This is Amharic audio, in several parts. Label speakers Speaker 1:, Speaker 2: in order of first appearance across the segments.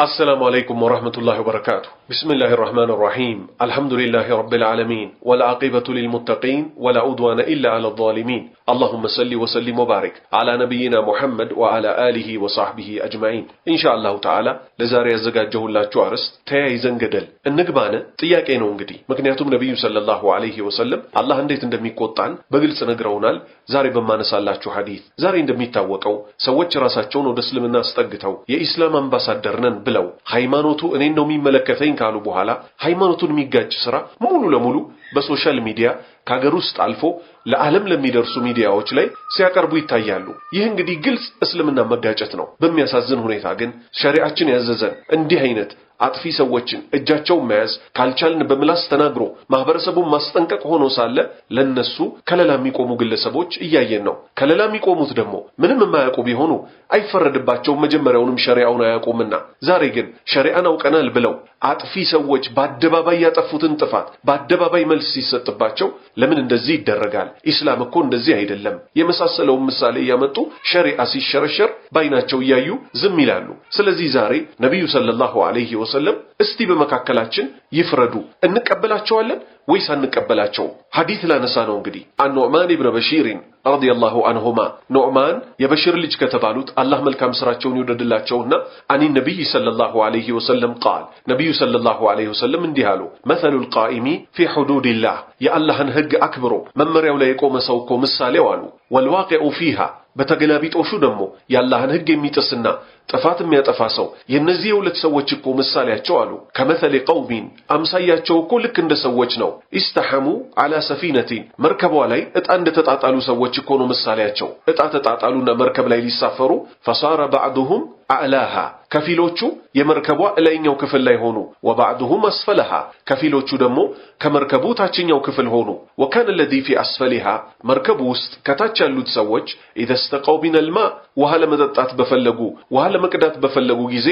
Speaker 1: السلام عليكم ورحمة الله وبركاته بسم الله الرحمن الرحيم الحمد لله رب العالمين والعاقبة للمتقين ولا عدوان إلا على الظالمين اللهم صل وسلم وبارك على نبينا محمد وعلى آله وصحبه أجمعين إن شاء الله تعالى لزاري جه الله جوارس تيايزن قدل النقبانة ጥያቄ الله እንግዲህ ምክንያቱም ነቢዩ ሰለላሁ ዐለይሂ ወሰለም አላህ እንዴት እንደሚቆጣን በግልጽ حديث زاري اندمي ሐዲት ዛሬ جراسات جونو دسلم الناس تقتو يا إسلام أنباسات درنن ብለው ሃይማኖቱ እኔን ነው የሚመለከተኝ ካሉ በኋላ ሃይማኖቱን የሚጋጭ ስራ ሙሉ ለሙሉ በሶሻል ሚዲያ ከሀገር ውስጥ አልፎ ለዓለም ለሚደርሱ ሚዲያዎች ላይ ሲያቀርቡ ይታያሉ። ይህ እንግዲህ ግልጽ እስልምና መጋጨት ነው። በሚያሳዝን ሁኔታ ግን ሸሪዓችን ያዘዘን እንዲህ አይነት አጥፊ ሰዎችን እጃቸውን መያዝ ካልቻልን በምላስ ተናግሮ ማህበረሰቡን ማስጠንቀቅ ሆኖ ሳለ ለነሱ ከለላ የሚቆሙ ግለሰቦች እያየን ነው። ከለላ የሚቆሙት ደግሞ ምንም የማያውቁ ቢሆኑ አይፈረድባቸውም፣ መጀመሪያውንም ሸሪዓውን አያውቁምና። ዛሬ ግን ሸሪዓን አውቀናል ብለው አጥፊ ሰዎች በአደባባይ ያጠፉትን ጥፋት በአደባባይ መልስ ሲሰጥባቸው ለምን እንደዚህ ይደረጋል? ኢስላም እኮ እንደዚህ አይደለም የመሳሰለውን ምሳሌ እያመጡ ሸሪዓ ሲሸረሸር ባይናቸው እያዩ ዝም ይላሉ። ስለዚህ ዛሬ ነቢዩ ሰለላሁ ዐለይሂ ወሰለም እስቲ በመካከላችን ይፍረዱ። እንቀበላቸዋለን ወይስ አንቀበላቸው ሐዲት ላነሳ ነው እንግዲህ አን ኑዕማን ብነ በሺርን ረዲየላሁ አንሁማ ኑዕማን የበሽር ልጅ ከተባሉት አላህ መልካም ስራቸውን ይውደድላቸውና አኒ ነቢይ ሰለላሁ ዐለይሂ ወሰለም ቃል ነቢዩ ሰለላሁ ዐለይሂ ወሰለም እንዲህ አሉ፣ መሰሉል ቃኢሚ ፊ ሑዱዲላህ የአላህን ህግ አክብሮ መመሪያው ላይ የቆመ ሰው እኮ ምሳሌው አሉ፣ ወልዋቂዑ ፊሃ በተገላቢጦሹ ደግሞ የአላህን ህግ የሚጥስና ጥፋት የሚያጠፋ ሰው የእነዚህ የሁለት ሰዎች እኮ ምሳሌያቸው አሉ። ከመተሌ ቀውሚን አምሳያቸው እኮ ልክ እንደ ሰዎች ነው። ኢስተሐሙ አላ ሰፊነቲን መርከቧ ላይ ዕጣ እንደተጣጣሉ ሰዎች እኮ ነው ምሳሌያቸው። ዕጣ ተጣጣሉና መርከብ ላይ ሊሳፈሩ ፈሳረ ባዕዱሁም አዕላሃ ከፊሎቹ የመርከቧ እላይኛው ክፍል ላይ ሆኑ። ወባዕዱሁም አስፈለሃ ከፊሎቹ ደግሞ ከመርከቡ ታችኛው ክፍል ሆኑ። ወካን ለዚ ፊ አስፈሊሃ መርከቡ ውስጥ ከታች ያሉት ሰዎች ኢደስተቀው ቢነልማ ውሃ ለመጠጣት በፈለጉ ውሃ ለመቅዳት በፈለጉ ጊዜ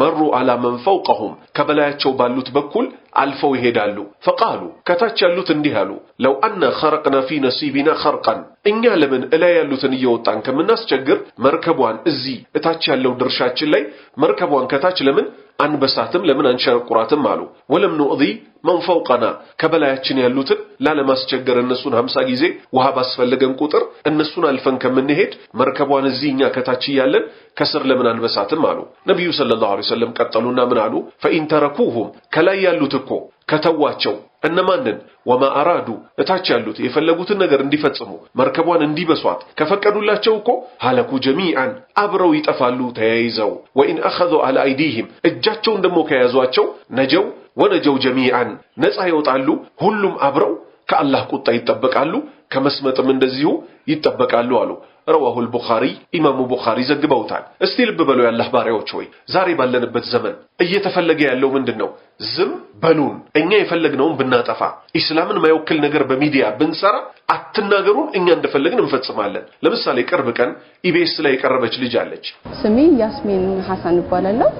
Speaker 1: መሩ አላ መን ፈውቀሁም ከበላያቸው ባሉት በኩል አልፈው ይሄዳሉ። ፈቃሉ ከታች ያሉት እንዲህ አሉ፣ ለው አነ ኸረቅና ፊ ነሲቢና ኸርቀን እኛ ለምን እላይ ያሉትን እየወጣን ከምናስቸግር መርከቧን እዚህ እታች ያለው ድርሻችን ላይ መርከቧን ከታች ለምን አንበሳትም ለምን አንሸራቁራትም አሉ። ወለም ኑዕዚ መን ፈውቀና ከበላያችን ያሉትን ላለማስቸገር እነሱን ሀምሳ ጊዜ ውሃ ባስፈለገን ቁጥር እነሱን አልፈን ከምንሄድ መርከቧን እዚህ እኛ ከታች እያለን ከስር ለምን አንበሳትም አሉ። ነቢዩ ሰለላሁ ዐለይሂ ወሰለም ቀጠሉና ምን አሉ? ፈኢንተረኩሁም ከላይ ያሉት እኮ ከተዋቸው እነማንን ወማ አራዱ እታች ያሉት የፈለጉትን ነገር እንዲፈጽሙ መርከቧን እንዲበሷት ከፈቀዱላቸው እኮ ሀለኩ ጀሚዓን አብረው ይጠፋሉ ተያይዘው። ወኢን አኸዞ አላ አይዲህም እጃቸውን ደግሞ ከያዟቸው ነጀው ወነጀው ጀሚዓን ነፃ ይወጣሉ። ሁሉም አብረው ከአላህ ቁጣ ይጠበቃሉ፣ ከመስመጥም እንደዚሁ ይጠበቃሉ አሉ። ረዋሁል ቡኻሪ ኢማሙ ቡኻሪ ዘግበውታል። እስቲ ልብ በለው የአላህ ባሪያዎች ሆይ ዛሬ ባለንበት ዘመን እየተፈለገ ያለው ምንድን ነው? ዝም በሉን። እኛ የፈለግነውን ብናጠፋ ኢስላምን ማይወክል ነገር በሚዲያ ብንሰራ አትናገሩን፣ እኛ እንደፈለግን እንፈጽማለን። ለምሳሌ ቅርብ ቀን ኢቢኤስ ላይ የቀረበች ልጅ አለች።
Speaker 2: ስሜ ያስሚን ሀሳን እባላለሁ።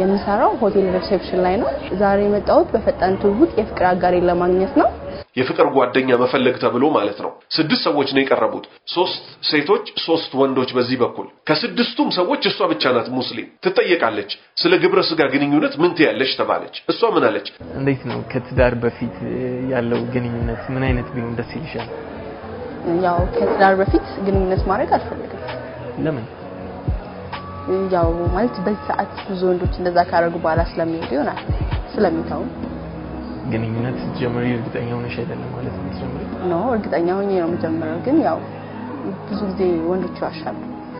Speaker 2: የምሰራው ሆቴል ሪሴፕሽን ላይ ነው። ዛሬ የመጣሁት በፈጣን ትውውቅ የፍቅር አጋሬን ለማግኘት ነው።
Speaker 1: የፍቅር ጓደኛ መፈለግ ተብሎ ማለት ነው። ስድስት ሰዎች ነው የቀረቡት፣ ሶስት ሴቶች፣ ሶስት ወንዶች በዚህ በኩል። ከስድስቱም ሰዎች እሷ ብቻ ናት ሙስሊም። ትጠየቃለች። ስለ ግብረ ስጋ ግንኙነት ምን ትያለች ተባለች። እሷ ምን አለች?
Speaker 3: እንዴት ነው ከትዳር በፊት ያለው ግንኙነት ምን አይነት ቢሆን ደስ ይልሻል?
Speaker 2: ያው ከትዳር በፊት ግንኙነት ማድረግ አልፈልግም። ለምን? ያው ማለት በዚህ ሰዓት ብዙ ወንዶች እንደዛ ካደረጉ በኋላ ስለሚሄዱ ይሆናል ስለሚተው
Speaker 3: ግንኙነት ጀምሪ እርግጠኛ ሆነሽ አይደለም ማለት ነው ጀምሪ
Speaker 2: ኖ እርግጠኛ ሆኜ ነው የምጀምረው። ግን ያው ብዙ ጊዜ ወንዶች ይዋሻሉ።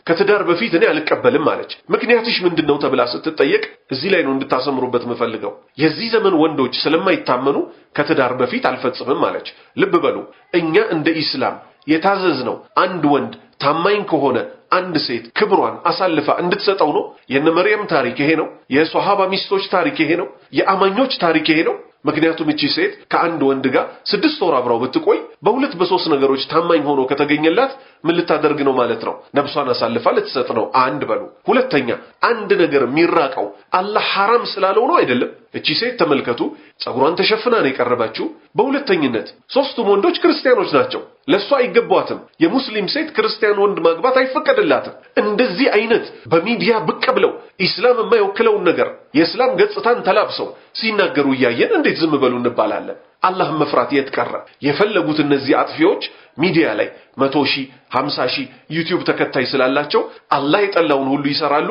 Speaker 1: ከትዳር በፊት እኔ አልቀበልም አለች። ምክንያትሽ ምንድን ነው ተብላ ስትጠየቅ እዚህ ላይ ነው እንድታሰምሩበት የምፈልገው። የዚህ ዘመን ወንዶች ስለማይታመኑ ከትዳር በፊት አልፈጽምም አለች። ልብ በሉ እኛ እንደ ኢስላም የታዘዝ ነው አንድ ወንድ ታማኝ ከሆነ አንድ ሴት ክብሯን አሳልፋ እንድትሰጠው ነው። የነ መርየም ታሪክ ይሄ ነው። የሶሃባ ሚስቶች ታሪክ ይሄ ነው። የአማኞች ታሪክ ይሄ ነው። ምክንያቱም እቺ ሴት ከአንድ ወንድ ጋር ስድስት ወር አብራው ብትቆይ በሁለት በሶስት ነገሮች ታማኝ ሆኖ ከተገኘላት ምን ልታደርግ ነው ማለት ነው? ነብሷን አሳልፋ ልትሰጥ ነው። አንድ በሉ። ሁለተኛ አንድ ነገር የሚራቀው አላህ ሐራም ስላለው ነው አይደለም እቺ ሴት ተመልከቱ፣ ጸጉሯን ተሸፍና ነው የቀረበችው። በሁለተኝነት ሶስቱም ወንዶች ክርስቲያኖች ናቸው። ለእሷ አይገቧትም። የሙስሊም ሴት ክርስቲያን ወንድ ማግባት አይፈቀድላትም። እንደዚህ አይነት በሚዲያ ብቅ ብለው ኢስላም የማይወክለውን ነገር የእስላም ገጽታን ተላብሰው ሲናገሩ እያየን እንዴት ዝም በሉ እንባላለን? አላህን መፍራት የት ቀረ? የፈለጉት እነዚህ አጥፊዎች ሚዲያ ላይ መቶ ሺህ ሀምሳ ሺህ ዩቲዩብ ተከታይ ስላላቸው አላህ የጠላውን ሁሉ ይሰራሉ።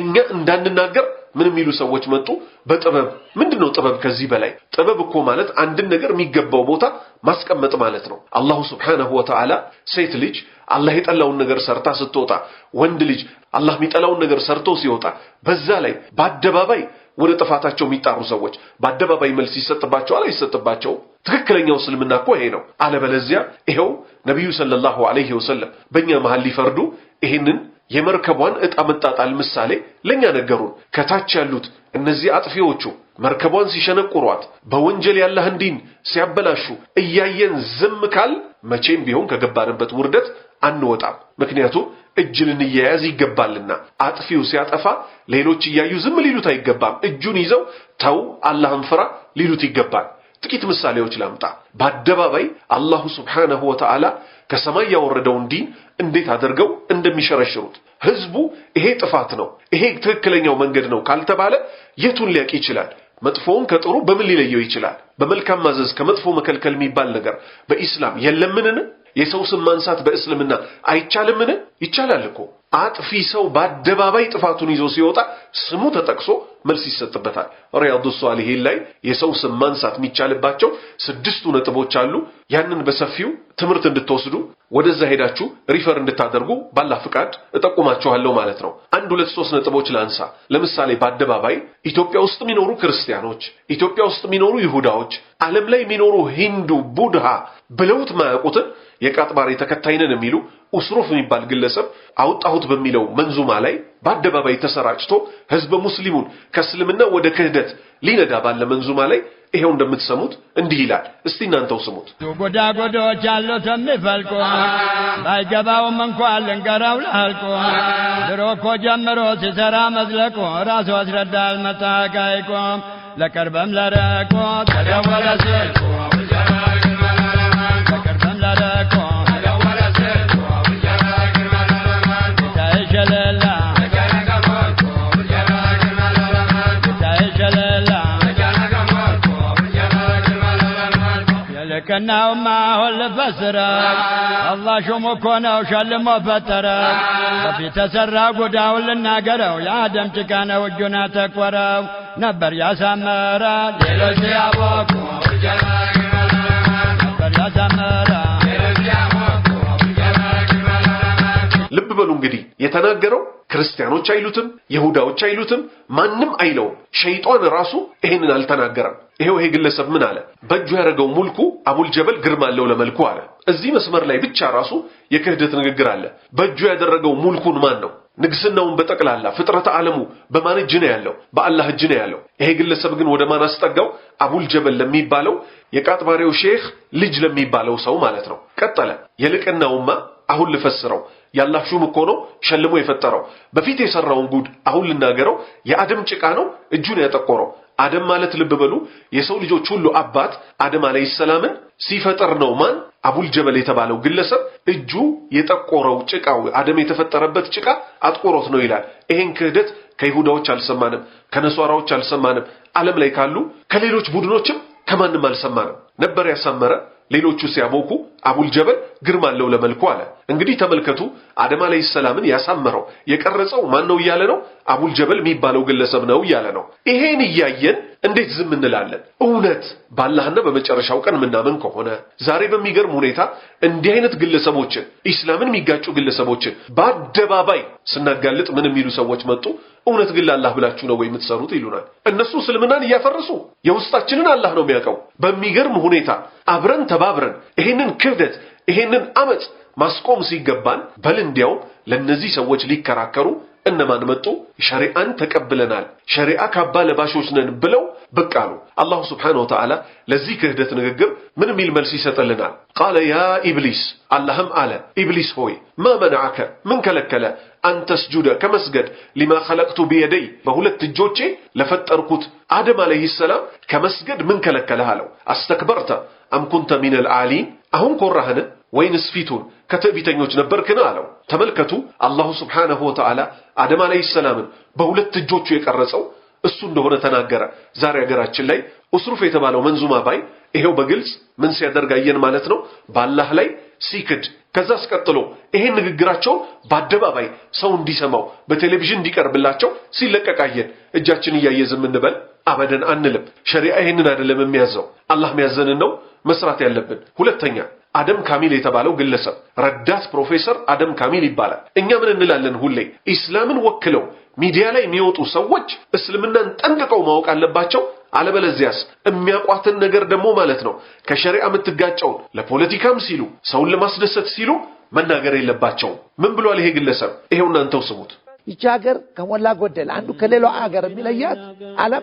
Speaker 1: እኛ እንዳንናገር ምን የሚሉ ሰዎች መጡ? በጥበብ ምንድን ነው ጥበብ? ከዚህ በላይ ጥበብ እኮ ማለት አንድን ነገር የሚገባው ቦታ ማስቀመጥ ማለት ነው። አላሁ ስብሓነሁ ወተዓላ ሴት ልጅ አላህ የጠላውን ነገር ሰርታ ስትወጣ፣ ወንድ ልጅ አላህ የሚጠላውን ነገር ሰርቶ ሲወጣ፣ በዛ ላይ በአደባባይ ወደ ጥፋታቸው የሚጣሩ ሰዎች በአደባባይ መልስ ይሰጥባቸዋል አይሰጥባቸውም? ትክክለኛው እስልምና እኮ ይሄ ነው። አለበለዚያ ይኸው ነቢዩ ሰለላሁ ዐለይሂ ወሰለም በእኛ መሃል ሊፈርዱ ይሄንን የመርከቧን ዕጣ መጣጣል ምሳሌ ለእኛ ነገሩን። ከታች ያሉት እነዚህ አጥፊዎቹ መርከቧን ሲሸነቁሯት፣ በወንጀል የአላህን ዲን ሲያበላሹ እያየን ዝም ካል መቼም ቢሆን ከገባንበት ውርደት አንወጣም። ምክንያቱም እጅ ልንያያዝ ይገባልና አጥፊው ሲያጠፋ ሌሎች እያዩ ዝም ሊሉት አይገባም። እጁን ይዘው ተው፣ አላህን ፍራ ሊሉት ይገባል። ጥቂት ምሳሌዎች ላምጣ። በአደባባይ አላሁ ስብሓነሁ ወተዓላ ከሰማይ ያወረደውን ዲን እንዴት አድርገው እንደሚሸረሽሩት ህዝቡ ይሄ ጥፋት ነው፣ ይሄ ትክክለኛው መንገድ ነው ካልተባለ የቱን ሊያቅ ይችላል? መጥፎውን ከጥሩ በምን ሊለየው ይችላል? በመልካም ማዘዝ ከመጥፎ መከልከል የሚባል ነገር በኢስላም የለምንን? የሰው ስም ማንሳት በእስልምና አይቻልምን? ይቻላል እኮ። አጥፊ ሰው በአደባባይ ጥፋቱን ይዞ ሲወጣ ስሙ ተጠቅሶ መልስ ይሰጥበታል። ሪያዱ ሷሊሂን ላይ የሰው ስም ማንሳት የሚቻልባቸው ስድስቱ ነጥቦች አሉ። ያንን በሰፊው ትምህርት እንድትወስዱ ወደዛ ሄዳችሁ ሪፈር እንድታደርጉ ባላ ፍቃድ እጠቁማችኋለሁ ማለት ነው። አንድ ሁለት ሶስት ነጥቦች ላንሳ። ለምሳሌ በአደባባይ ኢትዮጵያ ውስጥ የሚኖሩ ክርስቲያኖች፣ ኢትዮጵያ ውስጥ የሚኖሩ ይሁዳዎች፣ ዓለም ላይ የሚኖሩ ሂንዱ ቡድሃ ብለውት ማያውቁትን የቃጥባሬ ተከታይነን የሚሉ ኡስሩፍ የሚባል ግለሰብ አውጣሁት በሚለው መንዙማ ላይ በአደባባይ ተሰራጭቶ ህዝብ ሙስሊሙን ከእስልምና ወደ ክህደት ሊነዳ ባለ መንዙማ ላይ ይሄው እንደምትሰሙት እንዲህ ይላል። እስቲ እናንተው ስሙት።
Speaker 4: ጎዳ ጎዳዎች ያሉት የሚፈልቆ ባይገባውም እንኳ ልንገራው ላልቆ ድሮ እኮ ጀምሮ ሲሰራ መዝለቆ ራሱ አስረዳል መታቃይቆም ለቅርበም ለረቆ ተደወለ ልክናውማ አሁን ፈስረ አላህ ሹም እኮ ሸልሞ ፈጠረ ተሰራ ተሠራ ልናገረው የአደም ጭቃነው እጁን አተኮረው ነበር ያሳመረ ሌሎች ያቦኩ ነበር ያሳመረ
Speaker 1: ልብ በሉ እንግዲህ የተናገረው ክርስቲያኖች አይሉትም፣ ይሁዳዎች አይሉትም፣ ማንም አይለውም። ሸይጧን ራሱ ይህንን አልተናገረም። ይሄው ይሄ ግለሰብ ምን አለ? በእጁ ያደረገው ሙልኩ አቡል ጀበል ግርማ አለው ለመልኩ አለ። እዚህ መስመር ላይ ብቻ ራሱ የክህደት ንግግር አለ። በእጁ ያደረገው ሙልኩን ማን ነው? ንግስናውን በጠቅላላ ፍጥረተ ዓለሙ በማን እጅ ነው ያለው? በአላህ እጅ ነው ያለው። ይሄ ግለሰብ ግን ወደ ማን አስጠጋው? አቡል ጀበል ለሚባለው የቃጥባሪው ሼህ ልጅ ለሚባለው ሰው ማለት ነው። ቀጠለ የልቅናውማ አሁን ልፈስረው ያላህ ሹም እኮ ነው ሸልሞ የፈጠረው። በፊት የሰራውን ጉድ አሁን ልናገረው። የአደም ጭቃ ነው እጁን ያጠቆረው። አደም ማለት ልብ በሉ የሰው ልጆች ሁሉ አባት አደም አለይሂ ሰላምን ሲፈጥር ነው። ማን አቡል ጀበል የተባለው ግለሰብ እጁ የጠቆረው ጭቃው አደም የተፈጠረበት ጭቃ አጥቆሮት ነው ይላል። ይሄን ክህደት ከይሁዳዎች አልሰማንም፣ ከነሷራዎች አልሰማንም፣ ዓለም ላይ ካሉ ከሌሎች ቡድኖችም ከማንም አልሰማንም። ነበር ያሳመረ ሌሎቹ ሲያሞቁ አቡልጀበል ግርማ አለው ለመልኩ አለ። እንግዲህ ተመልከቱ አደም አለይሂ ሰላምን ያሳመረው የቀረጸው ማን ነው እያለ ነው። አቡልጀበል የሚባለው ግለሰብ ነው እያለ ነው። ይሄን እያየን እንዴት ዝም እንላለን? እውነት ባላህና በመጨረሻው ቀን ምናምን ከሆነ ዛሬ በሚገርም ሁኔታ እንዲህ አይነት ግለሰቦችን ኢስላምን የሚጋጩ ግለሰቦችን በአደባባይ ስናጋልጥ ምን የሚሉ ሰዎች መጡ? እውነት ግን ለአላህ ብላችሁ ነው ወይ የምትሰሩት? ይሉናል። እነሱ እስልምናን እያፈረሱ የውስጣችንን አላህ ነው የሚያውቀው። በሚገርም ሁኔታ አብረን ተባብረን ይሄንን ክህደት ይሄንን አመፅ ማስቆም ሲገባን በል እንዲያውም ለእነዚህ ሰዎች ሊከራከሩ እነማን መጡ? ሸሪአን ተቀብለናል፣ ሸሪአ ካባ ለባሾች ነን ብለው ብቅ አሉ። አላሁ ስብሓነሁ ወተዓላ ለዚህ ክህደት ንግግር ምን የሚል መልስ ይሰጥልናል? ቃለ ያ ኢብሊስ፣ አላህም አለ ኢብሊስ ሆይ ማ መናዓከ፣ ምን ከለከለ አንተስጁደ ከመስገድ ሊማ ኸለቅቱ ብየደይ፣ በሁለት እጆቼ ለፈጠርኩት አደም ዓለይሂ ሰላም ከመስገድ ምን ከለከለህ አለው። አስተክበርተ አምኩንተ ሚነል አሊን አሁን ኮራህን ወይንስ ፊቱን ከትዕቢተኞች ነበርክን? አለው። ተመልከቱ አላሁ ስብሓነሁ ወተዓላ አደም ዓለይሂ ሰላምን በሁለት እጆቹ የቀረጸው እሱ እንደሆነ ተናገረ። ዛሬ ሀገራችን ላይ ኡስሩፍ የተባለው መንዙማ ባይ ይሄው በግልጽ ምን ሲያደርግ አየን ማለት ነው። በአላህ ላይ ሲክድ ከዛ አስቀጥሎ ይሄን ንግግራቸውን በአደባባይ ሰው እንዲሰማው በቴሌቪዥን እንዲቀርብላቸው ሲለቀቅ አየን። እጃችን እያየ ዝም እንበል? አበደን አንልም። ሸሪዓ ይሄንን አይደለም የሚያዘው። አላህ የሚያዘንን ነው መስራት ያለብን። ሁለተኛ አደም ካሚል የተባለው ግለሰብ ረዳት ፕሮፌሰር አደም ካሚል ይባላል። እኛ ምን እንላለን? ሁሌ ኢስላምን ወክለው ሚዲያ ላይ የሚወጡ ሰዎች እስልምናን ጠንቅቀው ማወቅ አለባቸው። አለበለዚያስ የሚያቋትን ነገር ደግሞ ማለት ነው ከሸሪዓ የምትጋጨውን ለፖለቲካም ሲሉ ሰውን ለማስደሰት ሲሉ መናገር የለባቸውም። ምን ብሏል ይሄ ግለሰብ? ይሄው እናንተው ስሙት።
Speaker 5: ይቺ ሀገር ከሞላ ጎደል አንዱ ከሌላው ሀገር የሚለያት አለም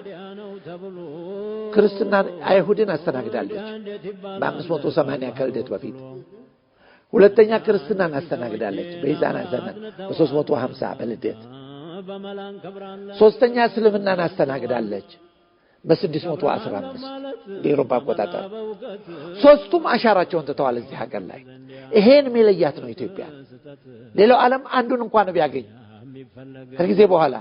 Speaker 5: ክርስትና አይሁድን አስተናግዳለች መቶ 580 ከልደት በፊት። ሁለተኛ ክርስትናን አስተናግዳለች በይዛና ዘመን መቶ ሀምሳ በልደት። ሶስተኛ እስልምናን አስተናግዳለች አስራ አምስት የአውሮፓ አቆጣጠር። ሶስቱም አሻራቸውን ትተዋል እዚህ ሀገር ላይ። ይሄን የሚለያት ነው ኢትዮጵያ። ሌላው ዓለም አንዱን እንኳን ቢያገኝ ከጊዜ በኋላ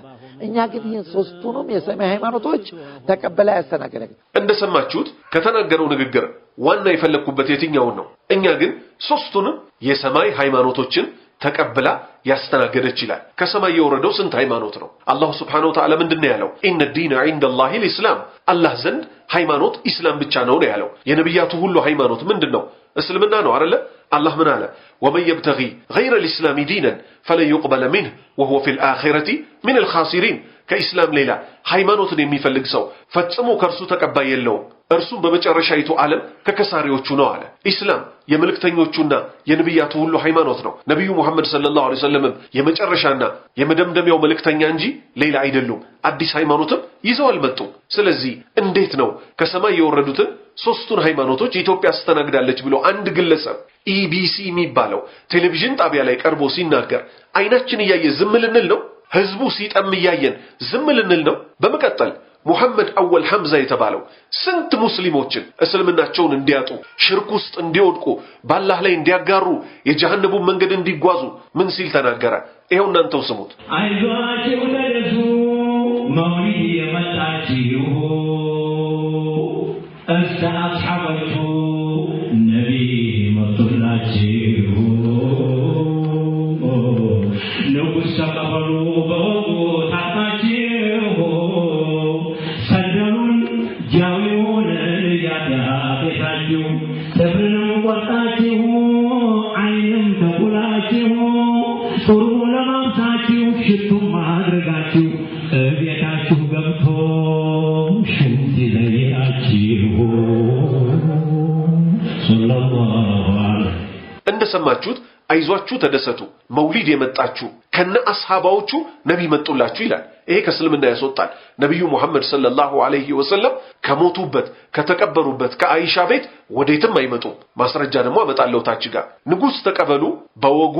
Speaker 5: እኛ ግን ይህን ሶስቱንም የሰማይ ሃይማኖቶች ተቀበለ ያስተናገደግ።
Speaker 1: እንደሰማችሁት ከተናገረው ንግግር ዋና የፈለግኩበት የትኛውን ነው? እኛ ግን ሶስቱንም የሰማይ ሃይማኖቶችን ተቀብላ ያስተናገደች ይላል። ከሰማይ የወረደው ስንት ሃይማኖት ነው? አላሁ ስብሓነሁ ወተዓላ ምንድን ነው ያለው? ኢነ ዲነ ዒንደላሂ ልኢስላም፣ አላህ ዘንድ ሃይማኖት ኢስላም ብቻ ነው ነው ያለው። የነቢያቱ ሁሉ ሃይማኖት ምንድን ነው? እስልምና ነው አይደለ? አላህ ምን አለ? ወመን የብተጊ ገይረ ልእስላሚ ዲነን ፈለን ዩቅበለ ሚንህ ወሁወ ፊል አኺረቲ ሚነል ኻሲሪን። ከኢስላም ሌላ ሃይማኖትን የሚፈልግ ሰው ፈጽሞ ከእርሱ ተቀባይ የለውም፣ እርሱም በመጨረሻይቱ ዓለም ከከሳሪዎቹ ነው አለ። ኢስላም የመልእክተኞቹና የነቢያቱ ሁሉ ሃይማኖት ነው። ነቢዩ ሙሐመድ ሰለላሁ ዐለይሂ ወሰለምም የመጨረሻና የመደምደሚያው መልእክተኛ እንጂ ሌላ አይደሉም። አዲስ ሃይማኖትም ይዘው አልመጡም። ስለዚህ እንዴት ነው ከሰማይ የወረዱትን ሦስቱን ሃይማኖቶች ኢትዮጵያ አስተናግዳለች ብሎ አንድ ግለሰብ ኢቢሲ e የሚባለው ቴሌቪዥን ጣቢያ ላይ ቀርቦ ሲናገር አይናችን እያየ ዝም ልንል ነው? ህዝቡ ሲጠም እያየን ዝም ልንል ነው? በመቀጠል ሙሐመድ አወል ሐምዛ የተባለው ስንት ሙስሊሞችን እስልምናቸውን እንዲያጡ ሽርክ ውስጥ እንዲወድቁ በአላህ ላይ እንዲያጋሩ የጀሃነቡን መንገድ እንዲጓዙ ምን ሲል ተናገረ? ይኸው እናንተው ስሙት።
Speaker 6: አይዟችሁ መውሊድ የመጣችሁ እስተ አስሐበችሁ ተቀበሉ በወጉ ታጥናችሁ ሰደሉን ጃዊውን ያዳ ቤታችሁ ቆርጣችሁ አይንም ተቁላችሁ ጥሩ ለማምሳችሁ ሽቱም ማድረጋችሁ እቤታችሁ ገብቶ ሽንት ይለያችሁ።
Speaker 1: እንደሰማችሁት አይዟችሁ ተደሰቱ መውሊድ የመጣችሁ ከነ አስሃባዎቹ ነቢ መጡላችሁ ይላል። ይሄ ከእስልምና ያስወጣል። ነቢዩ ሙሐመድ ሰለላሁ ዐለይሂ ወሰለም ከሞቱበት ከተቀበሩበት ከአይሻ ቤት ወዴትም አይመጡም። ማስረጃ ደግሞ አመጣለሁ ታች ጋር። ንጉሥ ተቀበሉ በወጉ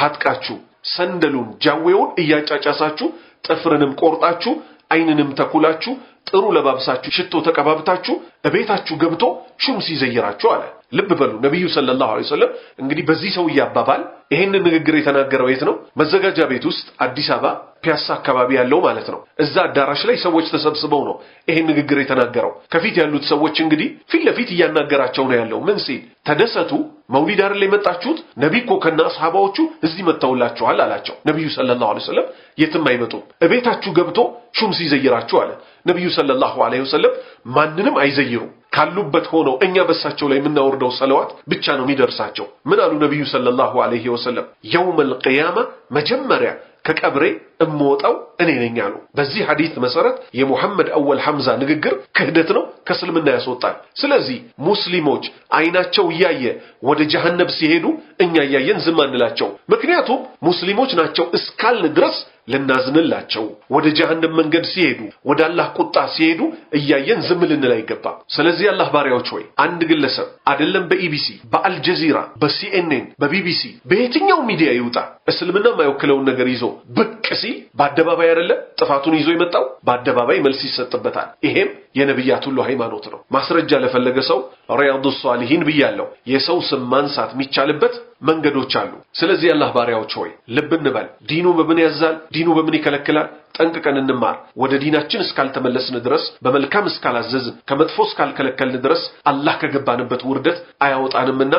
Speaker 1: ታጥቃችሁ ሰንደሉን ጃዌውን እያጫጫሳችሁ ጥፍርንም ቆርጣችሁ አይንንም ተኩላችሁ ጥሩ ለባብሳችሁ ሽቶ ተቀባብታችሁ እቤታችሁ ገብቶ ሹም ሲዘይራችሁ አለ። ልብ በሉ ነቢዩ ሰለላሁ ዐለይሂ ወሰለም እንግዲህ በዚህ ሰው አባባል ይሄንን ንግግር የተናገረው የት ነው? መዘጋጃ ቤት ውስጥ አዲስ አበባ ፒያሳ አካባቢ ያለው ማለት ነው። እዛ አዳራሽ ላይ ሰዎች ተሰብስበው ነው ይህን ንግግር የተናገረው። ከፊት ያሉት ሰዎች እንግዲህ ፊት ለፊት እያናገራቸው ነው ያለው። ምን ሲል ተደሰቱ፣ መውሊድ አይደል የመጣችሁት? ነቢ እኮ ከና አስሃባዎቹ እዚህ መጥተውላችኋል አላቸው። ነቢዩ ሰለላሁ ዐለይሂ ወሰለም የትም አይመጡም፣ እቤታችሁ ገብቶ ሹም ሲዘይራችሁ አለ ነቢዩ ሰለላሁ ዐለይሂ ወሰለም። ማንንም አይዘይሩም ካሉበት ሆነው እኛ በሳቸው ላይ የምናወርደው ሰለዋት ብቻ ነው የሚደርሳቸው። ምን አሉ ነቢዩ ሰለላሁ ዐለይሂ ወሰለም? የውመል ቂያማ መጀመሪያ ከቀብሬ እምወጣው እኔ ነኝ አሉ። በዚህ ሐዲስ መሰረት የሙሐመድ አወል ሐምዛ ንግግር ክህደት ነው፣ ከእስልምና ያስወጣል። ስለዚህ ሙስሊሞች አይናቸው እያየ ወደ ጀሃነብ ሲሄዱ እኛ እያየን ዝም አንላቸው። ምክንያቱም ሙስሊሞች ናቸው እስካልን ድረስ ልናዝንላቸው ወደ ጀሃነም መንገድ ሲሄዱ ወደ አላህ ቁጣ ሲሄዱ እያየን ዝም ልንል አይገባም። ስለዚህ አላህ ባሪያዎች ሆይ አንድ ግለሰብ አይደለም በኢቢሲ፣ በአልጀዚራ፣ በሲኤንኤን፣ በቢቢሲ በየትኛው ሚዲያ ይውጣ እስልምና የማይወክለውን ነገር ይዞ ብቅ ሲል በአደባባይ አይደለም ጥፋቱን ይዞ የመጣው በአደባባይ መልስ ይሰጥበታል። ይሄም የነብያት ሁሉ ሃይማኖት ነው። ማስረጃ ለፈለገ ሰው ሪያዱ ሷሊሂን ብያለሁ። የሰው ስም ማንሳት የሚቻልበት መንገዶች አሉ። ስለዚህ የአላህ ባሪያዎች ሆይ ልብ እንበል። ዲኑ በምን ያዛል? ዲኑ በምን ይከለክላል? ጠንቅቀን እንማር። ወደ ዲናችን እስካልተመለስን ድረስ በመልካም እስካላዘዝን፣ ከመጥፎ እስካልከለከልን ድረስ አላህ ከገባንበት ውርደት አያወጣንምና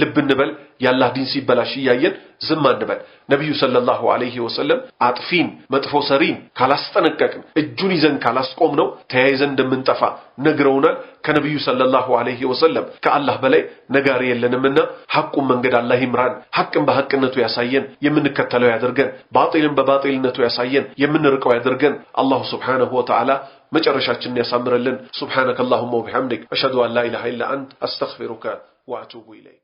Speaker 1: ልብ እንበል። የአላህ ዲን ሲበላሽ እያየን ዝም አንበል። ነቢዩ ሰለላሁ ዐለይሂ ወሰለም አጥፊን መጥፎ ሰሪን ካላስጠነቀቅን እጁን ይዘን ካላስቆም ነው ተያይዘን እንደምንጠፋ ነግረውናል። ከነቢዩ ሰለላሁ ዐለይሂ ወሰለም ከአላህ በላይ ነጋሪ የለንምና ሐቁን መንገድ አላህ يمران حقن بحقن نتو يساين يمن كتلو يدرغن باطل بباطل نتو يساين يمن ركو يدرغن الله سبحانه وتعالى مجرشات جرشاتشن يسامر اللن سبحانك اللهم وبحمدك أشهد أن لا إله إلا أنت أستغفرك وأتوب إليك